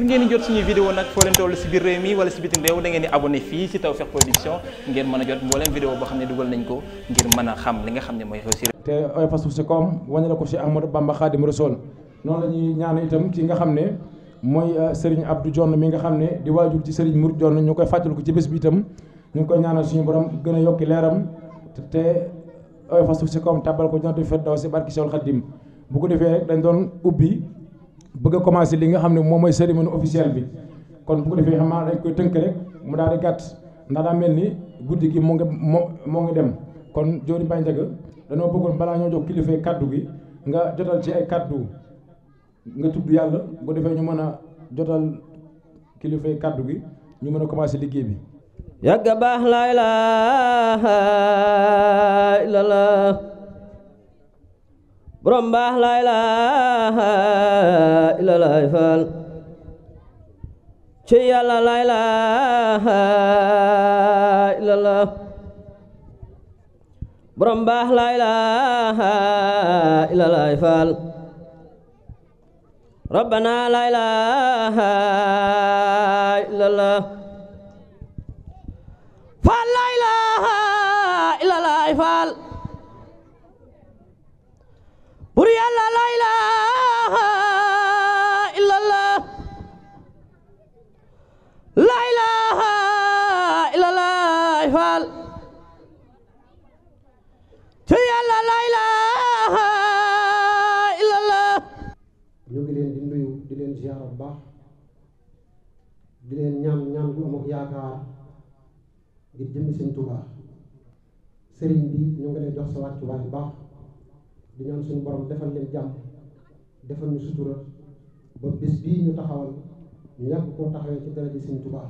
ngir ngeen di jot suñuy vidéo nag foo leen toll si biir réew mi wala si bitim réew da di abonné fii si Tawfekh Production ngeen mën a jot mbooleem vidéo boo xam ne dugal nañ ko ngir mën a xam li xam ne mooy xew si te oy ko si Ahmadou Bamba Xaadim ñaan itam ki nga xam ne mooy euh, Serigne Abdou Dione mi nga xam ne di waajur ci Serigne Mouride Dione ñu koy fàttali ko ci bés bi itam ñu ngi koy ñaanal suñu borom gën a yokki leeram te oy fa suuf si koom tàbbal ko jontu fi daw si barki Seexul Xaadim bu ko defee rek dañ doon ubbi bëgg a commencé li nga xam ne moom mooy cérémonie officielle bi kon bu ko defee xam naa koy tënk rek mu daa di gàtt ndax daa mel ni guddi gi moo ngi moo moo ngi dem kon Diori Mbaye Ndiaga dañoo bëggoon balaa ñoo jox kilifay kaddu gi nga jotal ci ay kaddu nga tudd yàlla bu ko defee ñu mën a jotal kilifa kàddu gi ñu mën a commencé liggéey bi. yàgg baax laa ilaaha illallaah borom baax laa ilaaha illallah faal ci yàlla laa ilaaha illallah borom faal rabbana laa ilaaha illallah faal ngir jëmmi sëñ Tuubaa sëriñ bi ñu ngi lay jox sa wàccuwaay bu baax di ñaan suñu borom defal leen jàmm defal ñu sutura ba bis bii ñu taxawal ñu koo taxawee ci daraja sëñ Tuubaa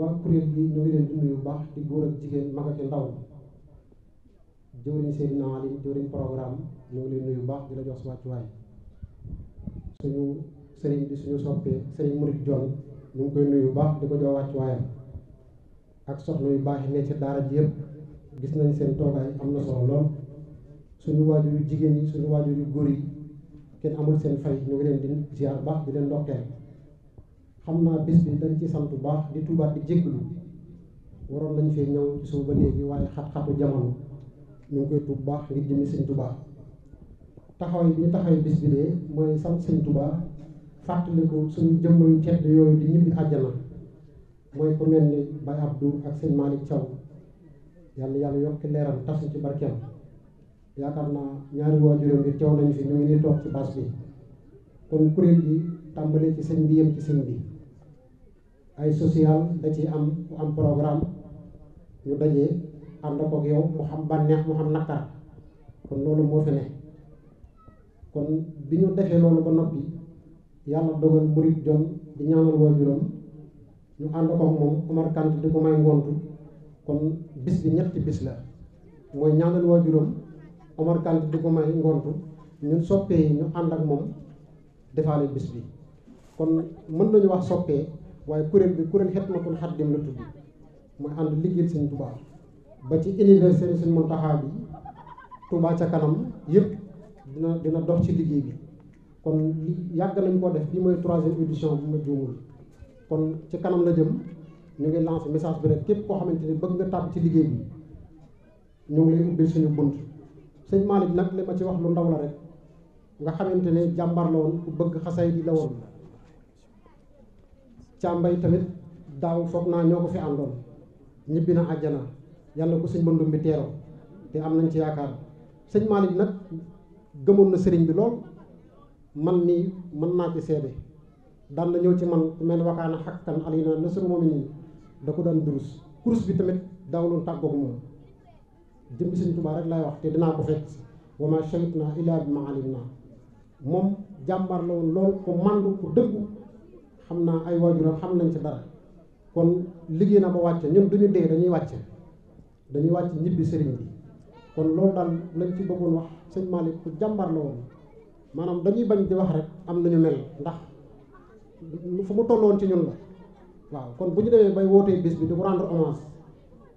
waa kuréel bi ñu ngi leen di yu baax di góor ak jigéen mag ak ndaw jëwriñ Seydina Ali jëwriñ programme ñu ngi leen nuyu bu baax di la jox sa wàccuwaay suñu sëriñ bi suñu soppee sëriñ Murid jon ñu ngi koy nuyu bu baax di ko jox wàccuwaayam ak soxna yu baax yi ne ci daara ji yëpp gis nañ seen toogaay am na solo lool suñu waajur yu jigéen yi suñu waajur yu góor yi kenn amul seen fay ñu ngi leen di ziar baax di leen ndokkeel xam naa bis bi dañ ci sant bu baax di tuubaat di jégglu waroon nañ fee ñëw ci ba léegi waaye xat-xatu jamono ñu ngi koy tuub baax ngir jëmi sëñ Tuubaa taxaway bi ñu taxawee bis bi de mooy sant sëñ li fàttaliku suñu jëmm yu tedd yooyu di ñibbi àjjana mooy ku mel ni Baye Abdou ak sëñ Malick Thiaw yàlla yàlla yokk leeram tas ci barkeem yaakaar naa ñaari waajuram yi teew nañu fi ñu ngi nii toog ci bâche bi kon kuréel gi tàmbalee ci sëñ bi yem ci sëñ bi ay social da ci am am programme ñu dajee am ak yow mu xam bànneex mu xam naqar kon loolu moo fi ne kon bi ñu defee loolu ba noppi yàlla dogal murit jom di ñaanal waajuram ñu ànd ko moom Omar Kant di ko may ngontu kon bis bi ñetti bis la mooy ñaanal juróom Omar Kant di ko may ngontu ñun soppee yi ñu ànd ak moom defaale bis bi kon mën nañu wax soppee waaye kuréel bi kuréel Xidmatul Xaadim la tudd mooy ànd liggéeyal Sëñ Tuubaa ba ci anniversaire Sëñ Muntaxaa bi Tuubaa ca kanam yëpp dina dina dox ci liggéey bi kon yàgg nañ ko def bi mooy troisième édition bi ma juumul kon ci kanam la jëm ñu ngi lancé message bi rek képp koo xamante ni bëgg nga tàbb ci liggéey bi ñu ngi lay suñu bunt sëñ Malick nag li ma ci wax lu ndaw la rek nga xamante ne jàmbar la woon ku bëgg xasay di la woon càmbay tamit daaw foog naa ñoo ko fi àndoon ñibbi na àjjana yàlla ko sëñ Bandum bi te am nañ ci yaakaar sëñ Malick nag gëmoon na sëriñ bi lool man nii mën naa ci seede daan na ñëw ci man ku mel ne waxaana xakkan alina nasru muminin da ko daan durus kurus bi tamit daawuloon tàggoog moom jëm Sëñ Tuubaa rek laay wax te dinaa ko fekk wa maa shahidnaa illaa bimaa alimnaa moom jàmbaar la woon lool ku màndu ku dëggu xam naa ay waajuram xam nañ ci dara kon liggéey na ba wàcce ñun duñu dee dañuy wàcce dañuy wàcc ñibbi sëriñ bi kon loolu daal lañ ci bëggoon wax sëñ Malick ku jàmbaar la woon maanaam dañuy bañ di wax rek am nañu mel ndax lu fu mu tolloon ci ñun la waaw kon bu ñu demee bay wootee bis bi di ko rendre hommage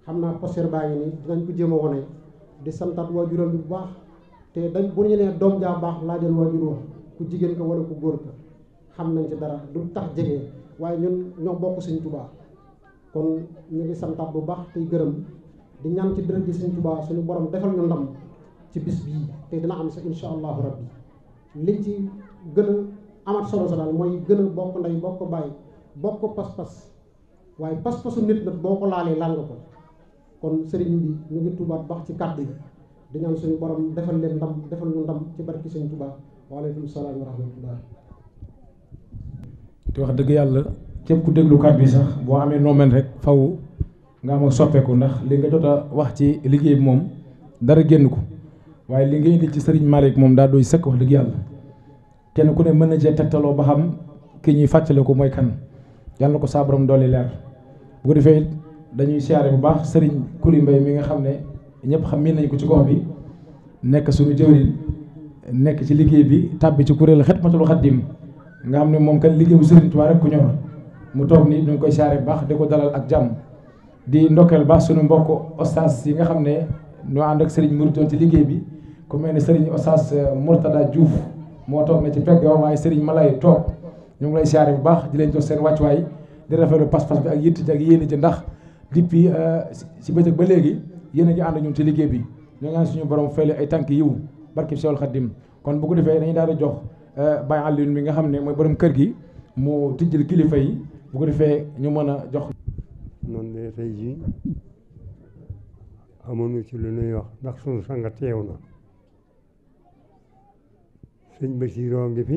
xam naa poster baa ngi nii dinañ ko jéem a wone di santaat waajuram bi bu baax te dañ bu ñu nee doom jaa baax laajal waajur wax ku jigéen ko wala ku góor ko xam nañ ci dara du tax jege waaye ñun ñoo bokk Sëñ Tuubaa kon ñu ngi santaat bu baax tey gërëm di ñaan ci dërëj ji Sëñ Tuubaa suñu borom defal ñu ndam ci bis bii te dina am sa incha allahu rabbi liñ ci gën amat solo sa daal mooy gën a bokk ndey bokk bàyyi bokk pas-pas waaye pas-pasu nit nag boo ko laalee laal nga ko kon sëriñ bi ñu ngi tubaat baax ci kàddu yi di suñu borom defal leen ndam defal lu ndam ci barki sëñ Tuubaa waaleykum salaam wa rahmatullah te wax dëgg yàlla képp ku déglu kàddu yi sax boo amee noo rek faw nga am ak soppeeku ndax li nga jot a wax ci liggéey bi moom dara génn ko waaye li nga indi ci sëriñ Malick moom daa dooy sëkk wax dëgg yàlla kenn ku ne mën na cee tegtaloo ba xam ki ñuy ko mooy kan yàlla ko saa borom doole leer bu ko defee dañuy siyaare bu baax sëriñ Kuli Mbay mi nga xam ne ñëpp xam miin nañ ko ci gox bi nekk suñu jëwriñ nekk ci liggéey bi tàbbi ci kuréel Xidmatul Xaadim nga xam ne moom kan liggéeyu sëriñ Tuubaa rek ku ñor mu toog nii ñu ngi koy siyaare bu baax di ko dalal ak jàmm di ndokkeel baax suñu mbokk ostaas yi nga xam ne ñoo ànd ak sëriñ Mouride ci liggéey bi ku mel ne sëriñ ostaas eh, Mourtada Diouf moo toog ne ci pegg yow waaye Serigne Malay toog ñu ngi lay siyaare bu baax di leen jox seen wàccuwaay di rafetlu pas-pas bi ak yitt ji ak yéene ji ndax depuis euh, si bëccëg ba léegi yéen a ngi ànd ñun ci liggéey bi ñoo ngi suñu borom fayal ay tànk yiw barki Seexul Xaddim kon bu ko defee dañuy daal di jox euh, Baye Alioune mi nga xam ne mooy borom kër gi mu tijjil kilifa yi bu ko defee ñu mën a jox. noonu la tey jii amoon ci lu ñuy wax ndax suñu sanga teew na. sëñ Bassiroo ngi fi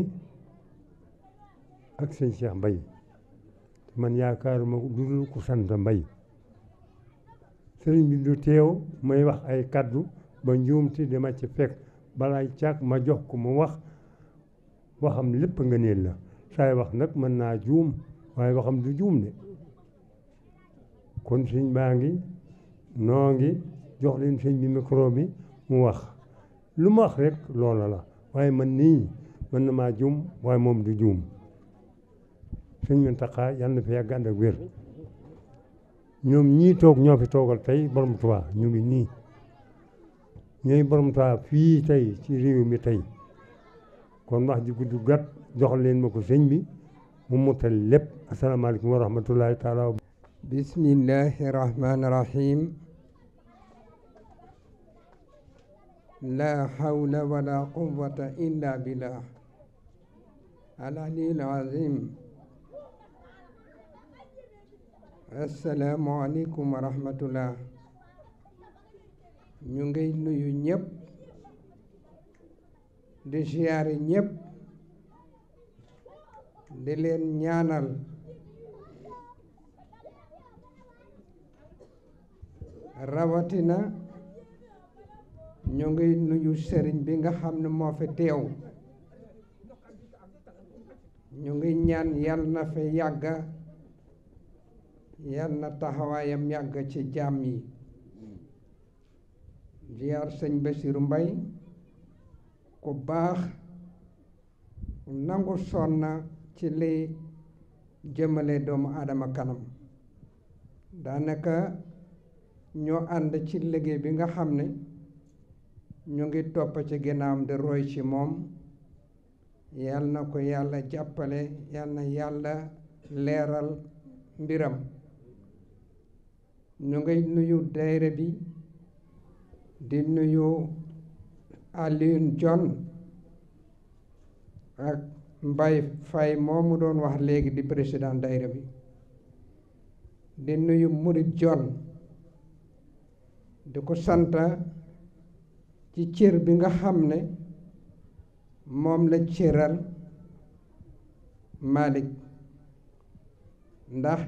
ak sëñ Cheikh Mbaye man yaakaaruma dudul ku sant mbay sëriñ bi du teew may wax ay kàddu ba njuumti dama ci fekk balaay càkk ma jox ko mu wax waxam lépp nga neen la saay wax nag mën naa juum waaye waxam du juum de kon sëñ baa ngi noo ngi jox leen sëñ bi micro mu wax lu mu wax rek loola la waaye man nii mën na maa juum waaye moom du juum sëñ Muntaxa yal na fi yàgg ànd ak wér ñoom ñii toog ñoo fi toogal tey borom Tuubaa ñu ngi nii ñooy borom Tuubaa fii tey ci réew mi tey kon wax ji gudd gàtt joxal leen ma ko sëñ bi mu mutal lépp asalaamaaleykum war rahmatullahi taala bismillahi rahmaani rahim la hawla wala quwwata illa billah al aliyyil assalaamu aleykum wa ñu ngi nuyu ñëpp di siyaare ñëpp di leen ñaanal rawatina ñu ngi nuyu sëriñ bi nga xam ne moo fi teew ñu ngi ñaan yal na fi yàgg yal na taxawaayam yàgg ci jàmm yi ziar sëñ Basiru Mbay ku baax nangu sonn na ci li jëmale doomu aadama kanam daanaka ñoo ànd ci liggéey bi nga xam ne ñu ngi topp ci ginnaawam di roy ci moom yal na ko yàlla jàppale yal yàlla leeral mbiram ñu ngi nuyu dayre bi di nuyu Alioune jon ak Mbaye Faye moomu doon wax léegi di président dayre bi di nuyu Murit John di ko santa ci cër bi nga xam ne moom la cëral Malik ndax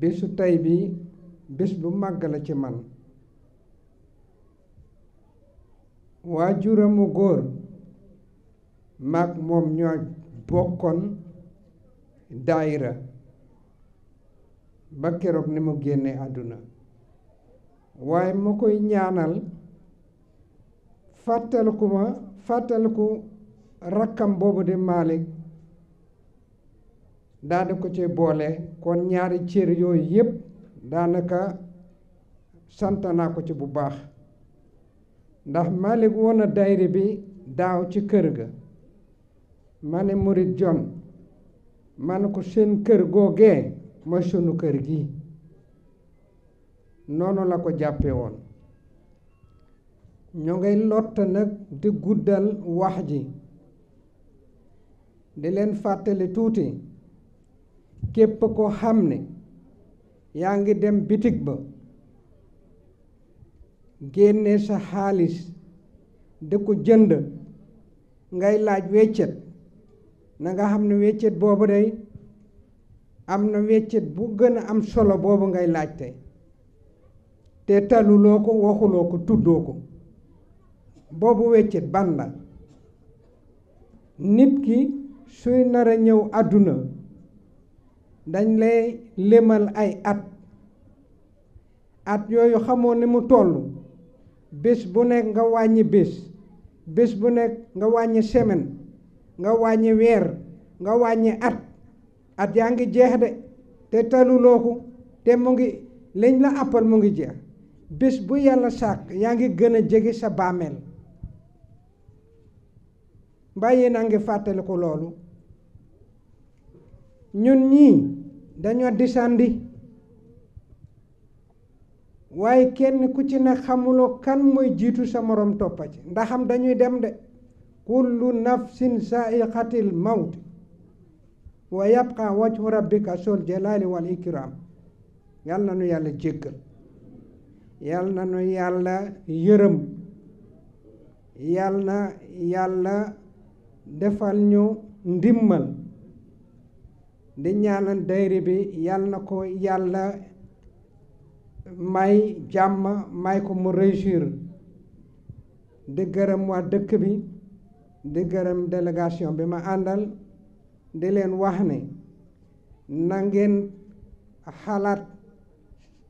bésu tey bi bés bu màgg la ci man waajuramu góor maag moom ñoo bokkoon daayira ba keroog ni mu génne àdduna waaye ma koy ñaanal fàttaliku ma fàttaliku rakkam boobu di Malick daal ko ci boole kon ñaari cër yooyu yëpp daanaka sant naa ko ci bu baax ndax Malick woon na dayri bi daaw ci kër ga ma ne Murid Jon ma ni ko seen kër googee mooy sunu kër gi noonu la ko jàppe woon ñoo ngay lott nag di guddal wax ji di leen fàttali tuuti képp ko xam ne yaa ngi dem bitig ba génne sa xaalis di ko jënd ngay laaj weccet na nga xam ne weccet boobu day am na weccet bu gën a am solo boobu ngay laajte te taluloo ko waxuloo ko tuddoo ko boobu weccit ban la nit ki suy nar a ñëw àdduna dañ lay lémal ay at at yooyu xamoo ni mu tollu bés bu nekk nga wàññi bés bés bu nekk nga wàññi semaine nga wàññi weer nga wàññi at at yaa ngi jeex de te taluloo ko te mu ngi lañ la àppal mu ngi jeex bés bu yàlla sàkk yaa ngi gën a jege sa bàmmeel bàyyi na ngi fàttali ko loolu ñun ñii dañoo disandi waaye kenn ku ci ne xamuloo kan mooy jiitu sa morom toppa ci ndaxam dañuy dem de kullu nafsin saa'iqatil mawt wa yabqa wajhu rabbika sol jalaali wal ikram yal na nu yàlla jéggal yal na nu yàlla yërëm yal yàlla defal ñu ndimmal di ñaanal dayre bi yal na ko yàlla may jàmm may ko mu réussir di gërëm waa dëkk bi di gërëm délégation bi ma àndal di leen wax ne na ngeen xalaat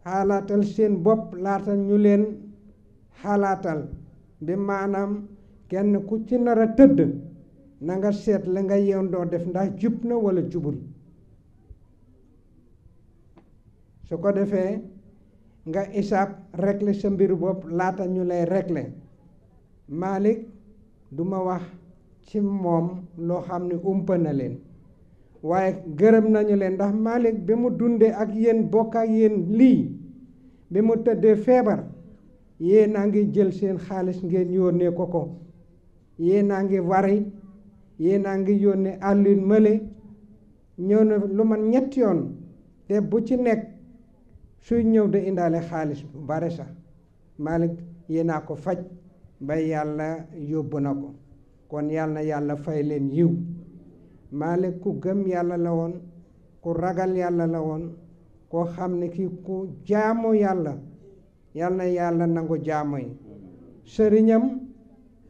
xalaatal seen bopp laata ñu leen xalaatal bi maanaam kenn ku ci nar a tëdd nanga seet la nga yoon doo def ndax jub na walla jubul su ko defee nga isaab régler sa mbir bopp laata ñu lay régler Malik duma wax ci moom loo xam ne umpa na leen waaye gërëm nañu leen ndax Malik bi mu dundee ak yéen bokk ak lii bi mu tëddee feebar yéen a ngi jël seen xaalis ngeen yónnee ko ko yéen a ngi wari yéen a ngi yónnee àllin mële ñëw na lu man ñetti yoon te bu ci nekk suy ñëw di indaale xaalis bu bari sax Malick yéen a ko faj ba yàlla yóbbu na ko kon yàlla yàlla fay leen yiw Malick ku gëm yàlla la woon ku ragal yàlla la woon koo xam ne kii ku jaamu yàlla yàlla na yàlla nangu jaamu yi sëriñam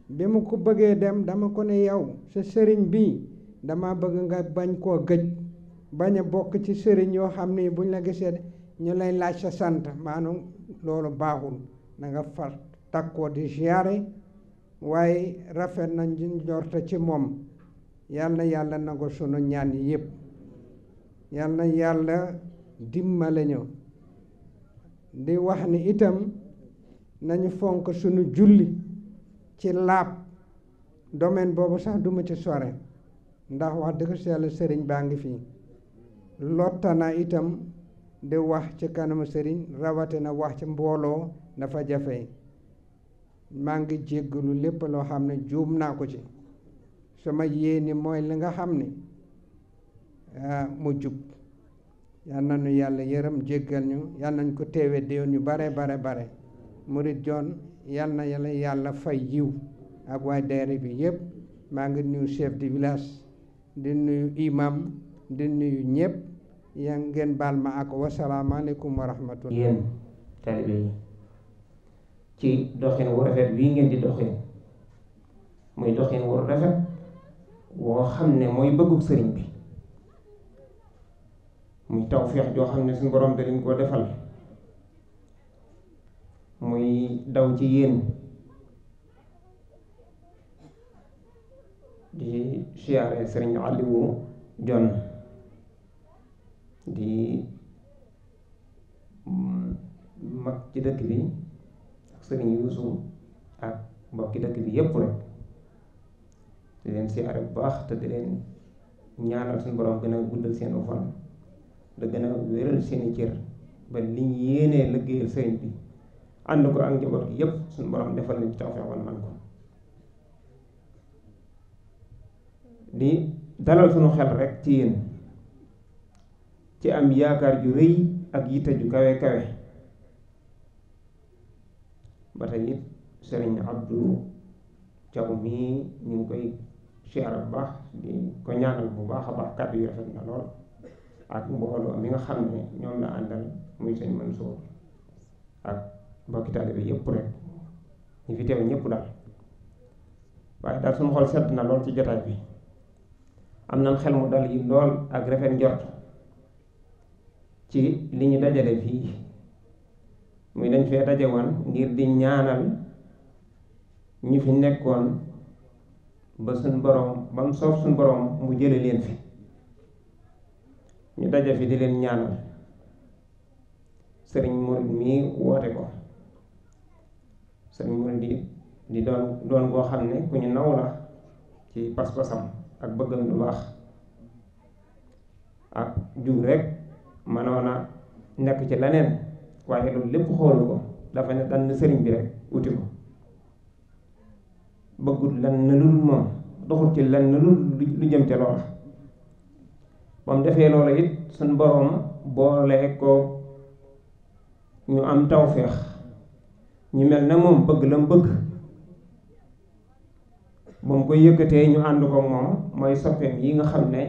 bi mu ko bëggee dem dama ko ne yow sa sëriñ bi dama bëgg nga bañ koo gëj bañ bokk ci sëriñ yoo xam ni buñ la gisee ñu lay laaj sa sant maanaam loolu baaxul na nga far takkoo di ziyaare waaye rafet na njorte ci moom yàlla na yàlla nangu sunu ñaan yi yëpp yal na yàlla dimbale ñu di wax ni itam nañu fonk sunu julli ci laab domaine boobu sax duma ci sore ndax wax dëgg si yàlla sëriñ baa ngi fii lottana itam di wax ci kanamu sëriñ rawatina wax ci mbooloo dafa jafe maa ngi jéggalu lépp loo xam ne juum naa ko ci sama yéene mooy li nga xam ni ah, mu jub yal na nu yàlla yërëm jéggal ñu yal nañ ko teewe déwén yu bare bare bare murit joon yal na yàlla yàlla fay yiw ak waa daayira bi yëpp maa ngi nuyu chef di village di nuyu imam di nuyu ñëpp yaa ngeen baal ma ak wasalaamaaleykum wa yéen taalibe yi ci doxin wu rafet bii ngeen di doxin muy doxin wu rafet woo xam ne mooy bëggug sëriñ bi muy tawfeex joo xam ne suñu borom da leen koo defal muy daw ci yéen di siyaare sëriñ Aliou Jon di mag ci dëkk bi ak sëriñ Yuusu ak mbokki dëkk bi yépp rek di leen siyaare bu baax te di leen ñaanal suñu borom gën a guddal seen fan da gën a wéral seeni cër ba liñ yéenee liggéeyal sëriñ bi ànd ko ak njaboot gi yépp suñu borom defal nañ ci tawfeex man ko di dalal suñu xel rek ci yéen ci am yaakaar ju rëy ak yitte ju kawe kawe ba tey it sëriñ Abdu Caw mii ñu ngi koy siyaar bu baax di ko ñaanal bu baax a baax kàddu yu rafet na lool ak mbooloo mi nga xam ne ñoom la àndal muy sëñ Mansour ak mbokki taalibe yëpp rek ñu fi teew ñëpp daal waaye daal suñu xol sedd na lool ci jotaay bi am na xel mu dal yi lool ak rafet njort ci li ñu dajale fii muy dañ fee daje woon ngir di ñaanal ñu fi nekkoon ba suñ boroom ba mu soof suñ boroom mu jële leen fi ñu daja fi di leen ñaanal sëriñ Mouride mii woote ko sëriñ Mouride di doon doon koo xam ne ku ñu naw la ci pas-pasam ak bëggam lu baax ak jug rek mënoon nekk ci leneen waaye loolu lépp xoolu ko dafa ne dann sëriñ bi rek wuti ko bëggul lan na lul moom doxul ci lan na lul lu jëm ca loola ba defee loola it suñ boroom boole ñu am tawféex ñu mel na moom bëgg la mu bëgg ba mu koy yëkkatee ñu ànd ko moom mooy soppeem yi nga xam ne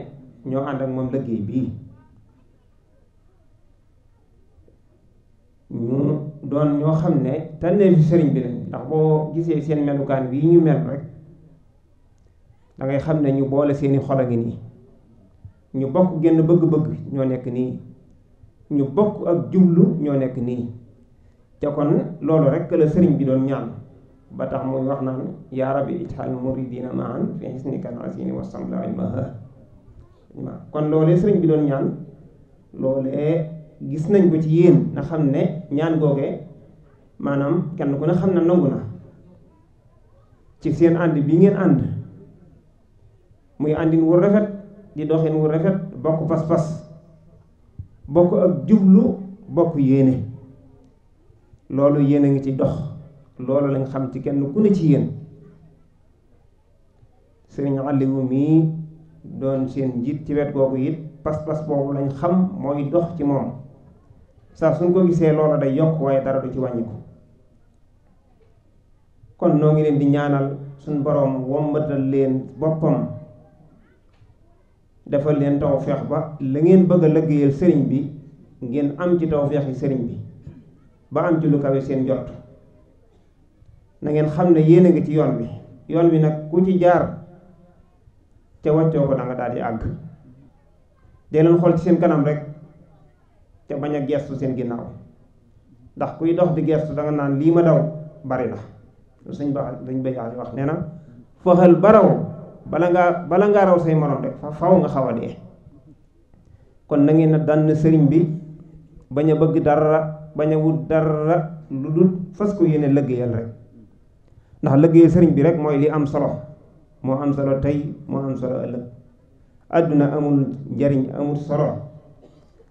ñoo ànd ak moom liggéey bii ñu doon ñoo xam ne tànnee fi sëriñ bi lañ ndax boo gisee seen melukaan bii ñu mel rek da xam ne ñu boole seeni xol a ngi nii ñu bokk genn bëgg-bëgg ñoo nekk nii ñu bokk ak jublu ñoo nekk nii te kon loolu rek la sëriñ bi doon ñaan ba tax muy wax naan yaa rabbi ijxal muridina maan fi xisnikan asini wasamla ilmaha waaw kon loolee sëriñ bi doon ñaan loolee gis nañ ko ci yéen na xam ne ñaan googe maanaam kenn ku ne xam ne nangu na ci seen ànd bi ngeen ànd muy àndin wu rafet di doxin wu rafet bokk pas-pas bokk ak jublu bokk yéene loolu yéen a ngi ci dox loolu lañ xam ci kenn ku ne ci yéen sëriñ Aliou mii doon seen njiit ci wet googu it pas-pas boobu lañ xam mooy dox ci moom saa suñ ko gisee loola day yokk waaye dara du ci wàññiku kon noo ngi leen di ñaanal suñ boroom wombatal leen boppam defal leen tawfeex ba la ngeen bëgg a liggéeyal sëriñ bi ngeen am ci tawfeexi sëriñ bi ba am ci lu kawe seen jot na ngeen xam ne yéen a ngi ci yoon wi yoon wi nag ku ci jaar te wàccoo ko da daal di àgg dee leen xool ci seen kanam rek te bañ a gestu seen ginnaaw ndax kuy dox di gestu danga naan lii ma daw bari na lu sëñ ba dañ bay wax nee na fëxal baraw bala ngaa bala ngaa raw say morom rek fa faw nga xaw a kon na ngeen na sëriñ bi bañ a bëgg dara bañ a wut dara lu dul fas ko yéene liggéeyal rek ndax liggéeyal sëriñ bi rek mooy li am solo moo am solo tey moo am solo ëllëg àdduna amul njariñ amul solo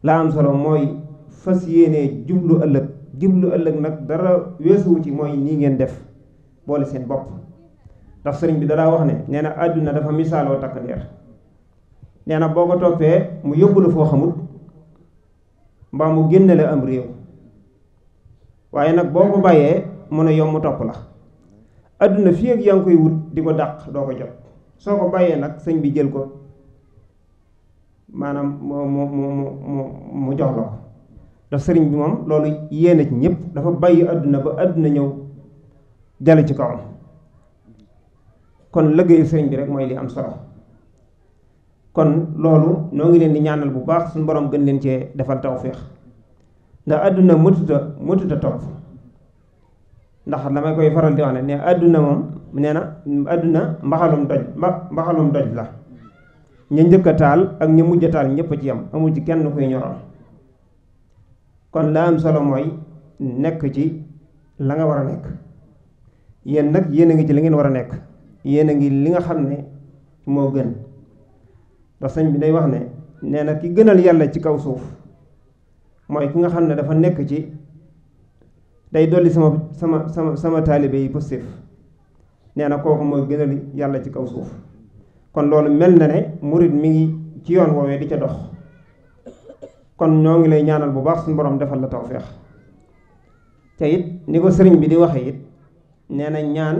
la am solo mooy fas yéene jublu ëllëg jublu ëllëg nag dara weesuwu ci mooy nii ngeen def boole seen bopp ndax sëriñ bi dalaa wax ne nee na àdduna dafa misaaloo takk ndeer nee na boo ko toppee mu yóbbu la foo xamul mbaa mu génne am réew waaye nag boo ko bàyyee mu ne yomb topp la adduna fii ak yaa ngi koy wut di ko dàq doo ko jot soo ko bàyyee nag sëñ bi jël ko maanaam mu mu mu mu mu jox la ko ndax sëriñ bi moom loolu yéene ci ñëpp dafa bàyyi àdduna ba adduna ñëw jale ci kawam kon liggéeyu sëriñ bi rek mooy li am solo kon loolu noo ngi leen di ñaanal bu baax suñu borom gën leen cee defal tawféex ndax àdduna mëtuta mëtuta topp ndax damay koy faral di wax ne ne àdduna moom nee na àdduna mbaxalum doj mbaxalum doj la ñu njëkk taal ak ñu mujj a taal ñëpp ci yam amul ci kenn kuy ñoral kon la am solo mooy nekk ci la nga war a nekk yéen nag yéen a ngi ci la ngeen war a nekk yéen ngi li nga xam ne moo gën ndax sëñ bi day wax ne nee na ki gënal yàlla ci kaw suuf mooy ki nga xam ne dafa nekk ci day dolli sama sama sama sama taalibe yi positif nee na kooku mooy gënal yàlla ci kaw suuf kon loolu mel na ne murit mi ngi ci yoon woowee di ca dox kon ñoo ngi lay ñaanal bu baax suñu borom defal la tawféex te it ni ko sëriñ bi di waxee it nee na ñaan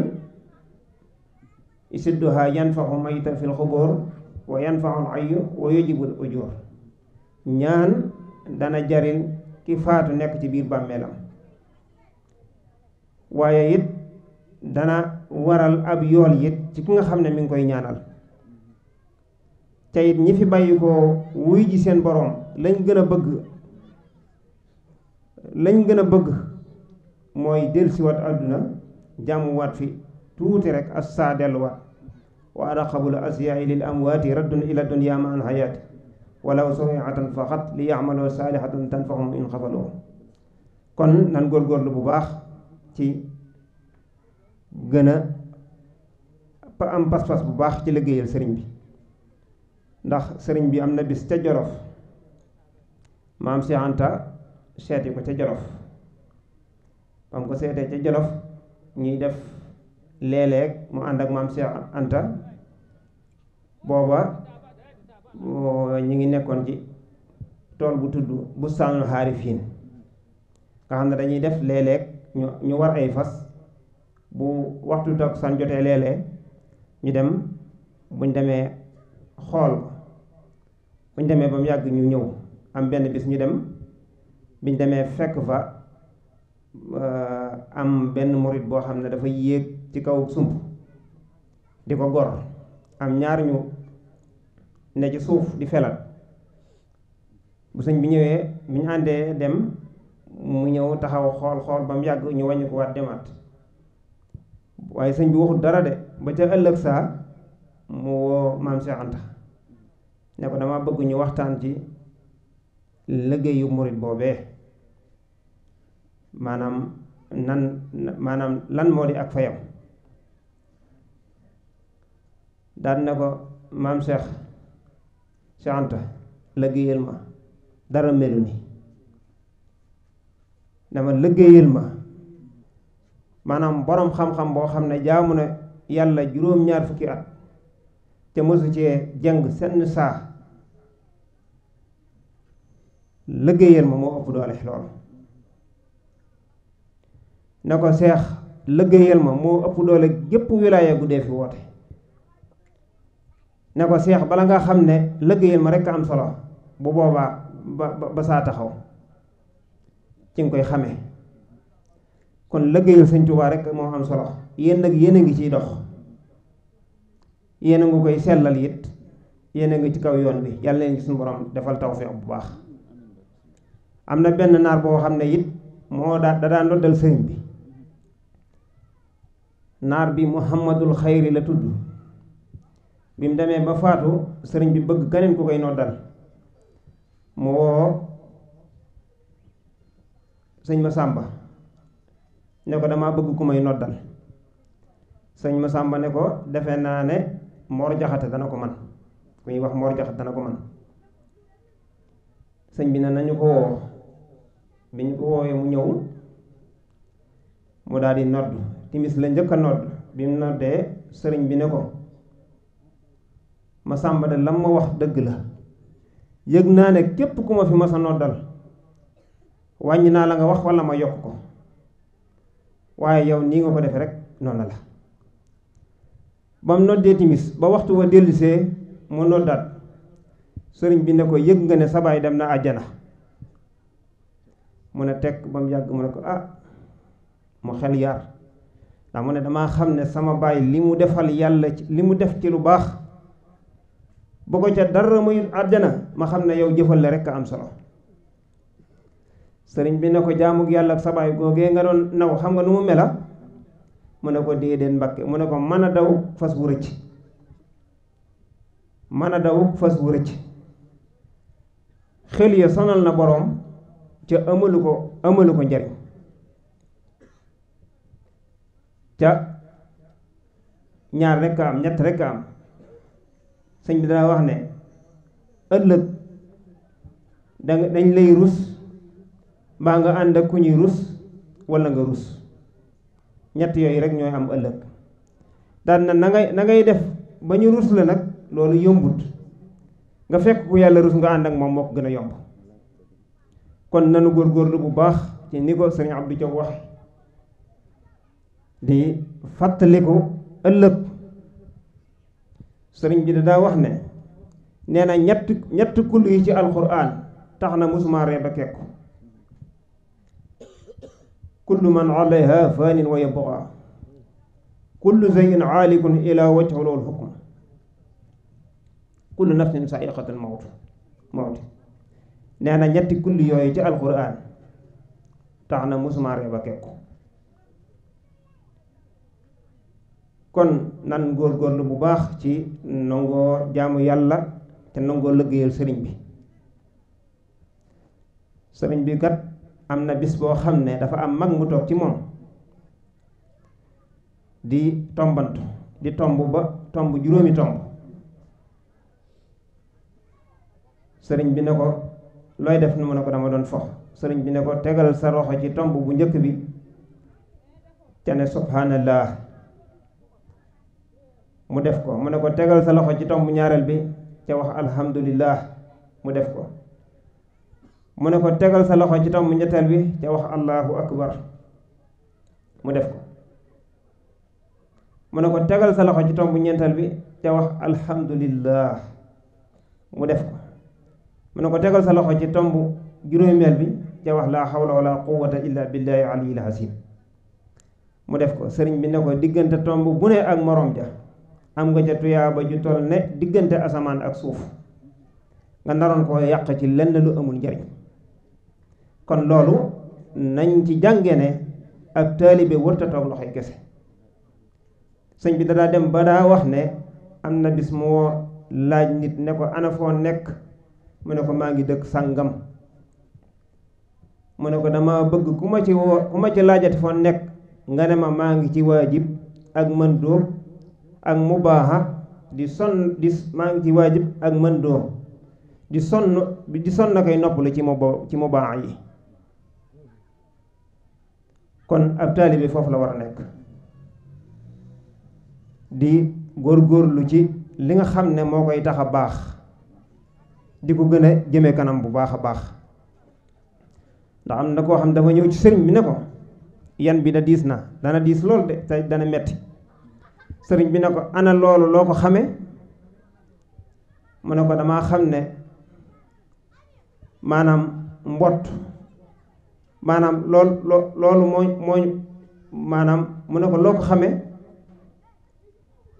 isidduha yanfaxu mayta fil xubóor wa yanfaxul ayyu wa yujibul ujóor ñaan dana jariñ ki faatu nekk ci biir bàmmeelam waaye it dana waral ab yool it ci ki nga xam ne mi ngi koy ñaanal te it ñi fi bàyyi ko wuy ji seen boroom lañ gën a bëgg lañ gën a bëgg mooy dellusiwaat àdduna jàmmuwaat fi tuuti rek as saa delluwaat wa ala qabula asyaai lil amwaati raddun ila dunya ma an hayaati walaw samiatan faxat li tan saalihatan tanfaxum in xafaloo kon nan góorgóorlu bu baax ci gën a am pas-pas bu baax ci liggéeyal sëriñ bi ndax sëriñ bi am na bis ca jorof maam Cheikh Anta seeti ko ca jolof bam ko seetee ca jolof ñuy def léeg mu ànd ak maam Cheikh Anta booba ñu ngi nekkoon ci tool bu tudd bu saanul xaarifiin nga xam ne dañuy def léeg-léeg ñu ñu war ay fas bu waxtu toog san jotee léeg ñu dem buñ demee xool buñ demee ba mu yàgg ñu ñëw am benn bis ñu dem biñ demee fekk fa euh, am benn murit boo xam ne dafa yéeg ci kaw sump di ko gor am ñaar ñu ne ci suuf di felal bu sëñ bi ñëwee bi ñu àndee dem mu ñëw taxaw xool xool ba mu yàgg ñu wàññi ko waat demaat waaye sëñ bi waxul dara de ba ca ëllëg saa mu woo maam Cheikh ne ko dama bëgg ñu waxtaan ci liggéeyu murit boobee maanaam nan maanaam lan moo di ak fayam daan na ko maam Cheikh Cheikh Anta liggéeyal ma dara melu ni dama liggéeyal ma maanaam boroom xam-xam boo xam ne jaamu ne yàlla juróom-ñaar fukki at te mosu cee jàng senn saa liggéeyal ma moo ëpp doole lool na ko seex liggéeyal ma moo ëpp doole gépp wilaaya gu dee fi woote ne ko seex bala nga xam ne lëggéeyal ma rekk am solo bu boobaa ba ba saa taxaw ci nga koy xamee kon lëggéeyal sëñ Tuubaa rekk moo am solo yéen ak yéen ngi ciy dox yéen a ngi koy sellal yit yéen a ngi ci kaw yoon bi yàlla leen ci suñu borom defal tawfeex bu baax am na benn naar boo xam ne it moo daa da daan doddal sëriñ bi naar bi Muhammadul Xayri la tudd bi mu demee ba faatu sëriñ bi bëgg keneen ku koy noddal mu woo sëñ ma sàmba ne ko damaa bëgg ku may noddal sëñ ma sàmba ne ko defe naa ne moor jaxate dana ko man ku ñuy wax moor jaxate dana ko man sëñ bi na nañu ko woo bi ñu ko woowee mu ñëw mu daal di nodd timis la njëkk a nodd bi mu noddee sëriñ bi ne ko ma sàmba de lam ma wax dëgg la yëg naa ne képp ku ma fi masa noddal wàññi naa la nga wax walla ma yokk ko waaye yow nii nga ko defe rek noonu la ba mu noddee timis ba waxtu wa dellusee mu noddaat sëriñ bi ne ko yëg nga ne sa baay dem na àjjana mu ne tekk ba mu yàgg mu ne ko ah mu xel yaar ndax mu ne damaa xam ne sama baay li mu defal yàlla li mu def ci lu baax ba ko ca dara muy àjjana ma xam ne yow jëfal la rekk a am solo sëriñ bi ne ko jaamug yàlla ak sabaay googee nga doon naw xam nga nu mu mela mu ne ko déedéet mbakke mu ne ko mën a daw fas wu rëcc mën a daw fas wu rëcc xel ya sonal na boroom ca amalu ko amalu ko njariñ ca ñaar rekk a am ñett rekk a am sëñ bi dana wax ne ëllëg da dañ lay rus mbaa nga ànd ak ku ñuy rus walla nga rus ñett yooyu rek ñooy am ëllëg daan na na na ngay def ba ñu rus la nag loolu yombut nga fekk ku yàlla rus nga ànd ak moom moo ko gën a yomb kon nanu góor góorlu bu baax ci ni ko sëriñ Abdou Diop wax di fàttaliku ëllëg sëriñ bi daa wax ne nee na ñett kull yi ci alxuraan tax na musuma ree ba kekku kullu man alayha fanin wa yabqa kullu zeyin aalikun ila wajhu loolu xukm kullu nafsin saaiqatul mawt mawti nee na ñetti kull yooyu ci alxuraan tax na musuma ree ba kekku kon nan góorgóorlu bu baax ci nangoo jaamu yàlla te nangoo liggéeyal sëriñ bi sëriñ bi kat am na bis boo xam ne dafa am mag mu toog ci moom di tombantu di tomb ba tomb juróomi tomb sëriñ bi ne ko looy def nu mu ne ko dama doon fox sëriñ bi ne ko tegal sa roxo ci tomb bu njëkk bi te ne subhanallah mu def ko mu ne ko tegal sa loxo ci tomb ñaareel bi ca wax alhamdulillah mu def ko mu ne ko tegal sa loxo ci tomb ñetteel bi ca wax allahu mu def ko mu ne ko tegal sa loxo ci tomb ñeenteel bi ca wax alhamdulillah mu def ko mu ne ko tegal sa loxo ci tomb juróomeel bi ca wax laa xawla wala quwwata illa billahi aliyil hasim mu def ko sëriñ bi ne ko diggante tomb bu ak morom ja am nga ca tuyaaba ju toll ne diggante asamaan ak suuf nga naroon koo yàq ci lenn lu amul njariñ kon loolu nañ ci jànge ne ab taalibe wërta toog loxoy kese sëñ bi dadaa dem ba daa wax ne am na bis moo laaj nit ne ko ana foo nekk mu ne ko maa ngi dëkk sàngam mu ne ko dama bëgg ku ma ci woo ku ma ci laajati foo nekk nga ne ma maa ngi ci waajib ak mën dóob ak mu mubaaha di sonn di maa ngi ci waajib ak mën mëndóor di sonn di sonn koy noppalu ci muba ci mu mubaaha yi kon ab taalibe foofu la war a nekk di góor góorgóorlu ci li nga xam ne moo koy tax a baax di ko gën a jëme kanam bu baax a baax ndax am na koo xam dafa ñëw ci sëriñ bi ne ko yan bi da diis na dana diis lool de te dana metti sëriñ bi ne ko ana loolu loo ko xame mu ne ko damaa xam ne maanaam mbott maanaam lool loolu moo moo maanaam mu ne ko loo ko xame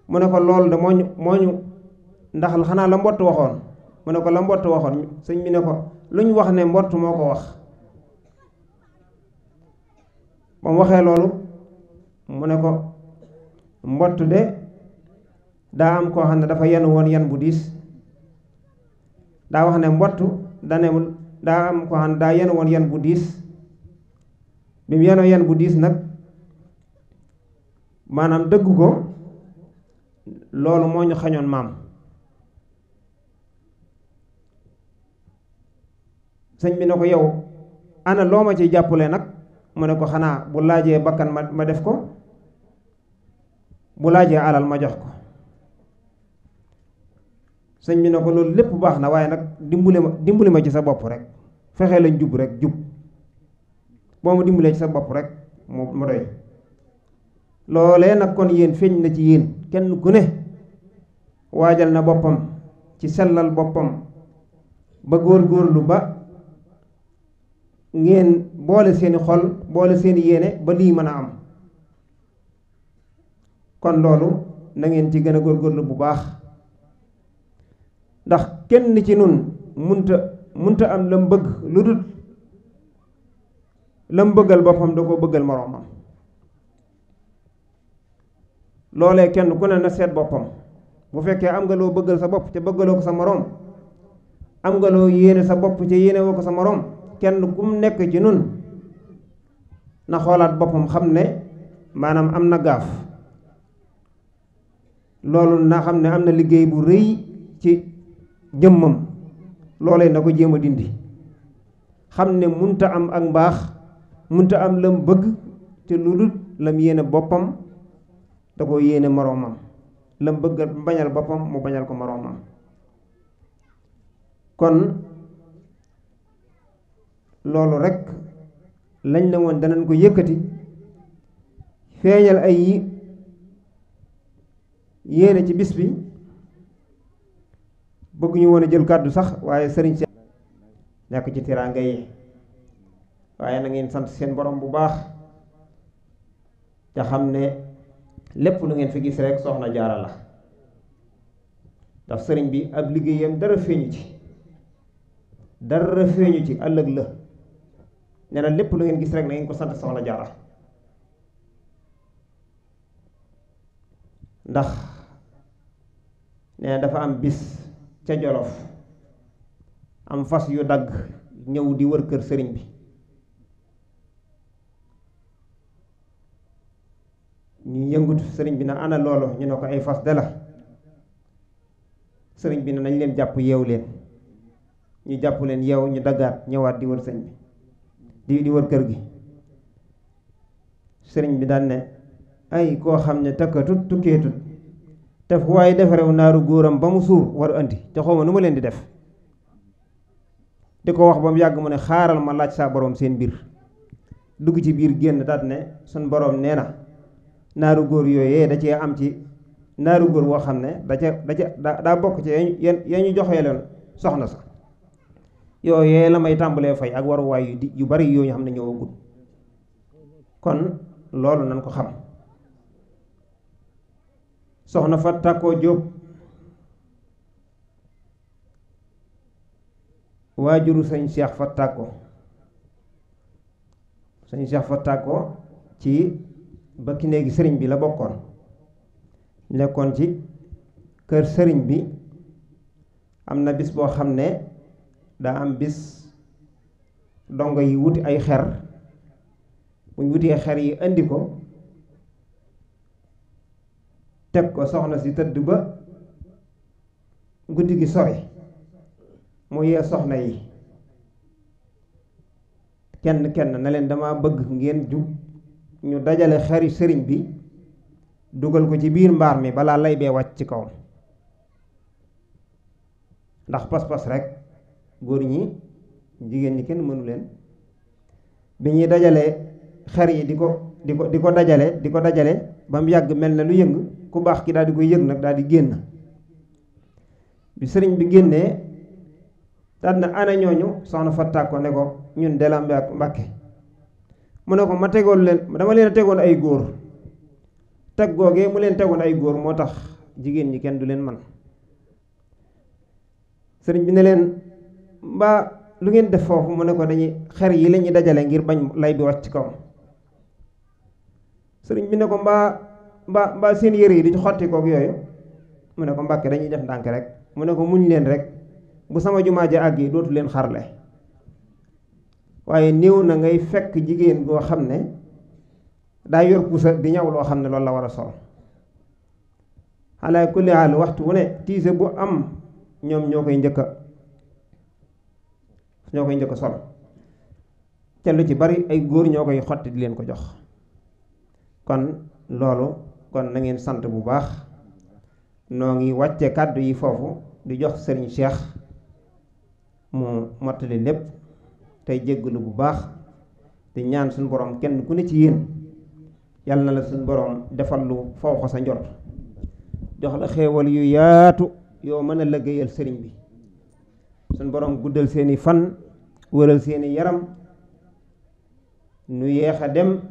mu ne ko loolu de moo ñu ndax xanaa la mbott waxoon mu ne ko la mbott waxoon sëñ bi ne ko lu ñu wax ne mbott moo ko wax ba waxee loolu mu ne ko mbott de daa am koo xam ne dafa yenu woon yan bu diis daa wax ne mbott danewul daa am koo xam ne daa yenu woon yan bu diis bi mu yenoo yan bu diis nag maanaam dëgg ko loolu moo ñu xañoon maam sëñ bi ne ko yow ana loo ma ci jàppule nag mu ne ko xanaa bu laajee bakkan ma ma def ko bu laajee alal ma jox ko sëñ bi na ko loolu lépp baax na waaye nag dimbali ma dimbali ma ci sa bopp rek fexee la jub rek jub boo ma dimbalee ci sa bopp rek mu mu doy loolee nag kon yéen feeñ na ci yéen kenn ku ne waajal na boppam ci sellal boppam ba góor-góorlu ba ngeen boole seeni xol boole seeni yéene ba lii mën a am kon loolu na ngeen ci gën a góor góorgóorlu bu baax ndax kenn ci nun munta munta am lam bëgg lu dul lam bëggal boppam da ko bëggal moroomam loolee kenn ku ne na seet boppam bu fekkee am nga loo bëggal sa bopp te bëggaloo ko sa moroom am nga loo yéene sa bopp te yéene ko sa moroom kenn ku mu nekk ci nun na xoolaat boppam xam ne maanaam am na gaaf loolu naa xam ne am na liggéey bu rëy ci jëmmam loolee na ko jéem a dindi xam ne munta am ak mbaax munta am lam bëgg te lu dul lam yéene boppam da ko yéene moroomam lam bëgg bañal boppam mu bañal ko moroomam kon loolu rekk lañ ne woon danañ ko yëkkati feeñal ay yéene ci bis bi bëgguñu woon a jël kàddu sax waaye sëriñ si nekk ci teraanga yi waaye na ngeen sant seen borom bu baax te xam ne lépp lu ngeen fi gis rek soxna jaara la daf sëriñ bi ab liggéeyam dara feeñu ci dara feeñu ci ëllëg la nee na lépp lu ngeen gis rek na ngeen ko sant soxna jaara ndax nee dafa am bis ca jolof am fas yu dagg ñëw di wër kër sëriñ bi ñu yëngutu sëriñ bi na ana loolu ñu ne ko ay fas de la sëriñ bi ne nañ leen jàpp yeew leen ñu jàpp leen yeew ñu daggaat ñëwaat di wër sëñ bi di di wër kër gi sëriñ bi daan ne ay koo xam ne takkatut tukkeetut te waaye defarew naaru góoram ba mu suur war andi te xaw nu ma leen di def di ko wax ba mu yàgg mu ne xaaral ma laaj saa boroom seen mbir dugg ci biir génn daat ne suñ borom nee na naaru góor yooyee da cee am ci naaru góor woo xam ne da ca da ca daa bokk ci ya ñu joxee leen soxna sax yooyee la may tàmbalee fay ak waruwaay yu di yu bari yoo xam ne ñëwagul kon loolu nañ ko xam soxna fa takkoo jóob waajuru sëñ Cheikh fa takko sëñ Cheikh fa takko ci ba ki sëriñ bi la bokkoon nekkoon ci kër sëriñ bi am na bis boo xam ne daa am bis dongo yi wuti ay xer buñ wutee xer yi indi ko teg ko soxna si tëdd ba guddi gi sori mu yee soxna yi kenn kenn na leen dama bëgg ngeen jub ñu dajale xari sëriñ bi dugal ko ci biir mbaar mi balaa lay bee wàcc ci kaw ndax pas-pas rek góor ñi jigéen ñi kenn mënu leen bi ñuy dajale xer yi di ko di ko di ko dajale di ko dajale ba mu yàgg mel na lu yëng ku baax ki daal di koy yëng nag daal di génn bi sëriñ bi génnee daal na ana ñooñu soxna Fatta ko ne ko ñun de la Mbàkke mu ne ko ma tegoon leen dama leen a tegoon ay góor teg googee mu leen tegoon ay góor moo tax jigéen ñi kenn du leen man sëriñ bi ne leen mbaa lu ngeen def foofu mu ne ko dañuy xer yi lañuy ñuy dajale ngir bañ lay bi wàcc ci kawam sëriñ bi ne ko mbaa mbaa mbaa seen yére yi di ci xotti kook yooyu mu ne ko mbàkke dañuy def ndànk rek mu ne ko muñ leen rek bu sama jumaa ja àgg dootu leen xarle waaye néew na ngay fekk jigéen goo xam ne daa yor pusa di ñaw loo xam ne loolu la war a sol ala kulli haal waxtu wu ne tiise bu am ñoom ñoo koy njëkka ñoo koy njëkka sol te lu ci bari ay góor ñoo koy xotti di leen ko jox kon loolu kon na sant bu baax noo ngi wàcce kàddu yi foofu di jox sëriñ Cheikh mu mottali lépp tey jéggalu bu baax te ñaan suñu borom kenn ku ne ci yéen yàlla na la suñu boroom defal lu fawxa sa njort jox la xéewal yu yaatu yoo mën a liggéeyal sëriñ bi suñu borom guddal seeni fan wëral seeni yaram nu yéex dem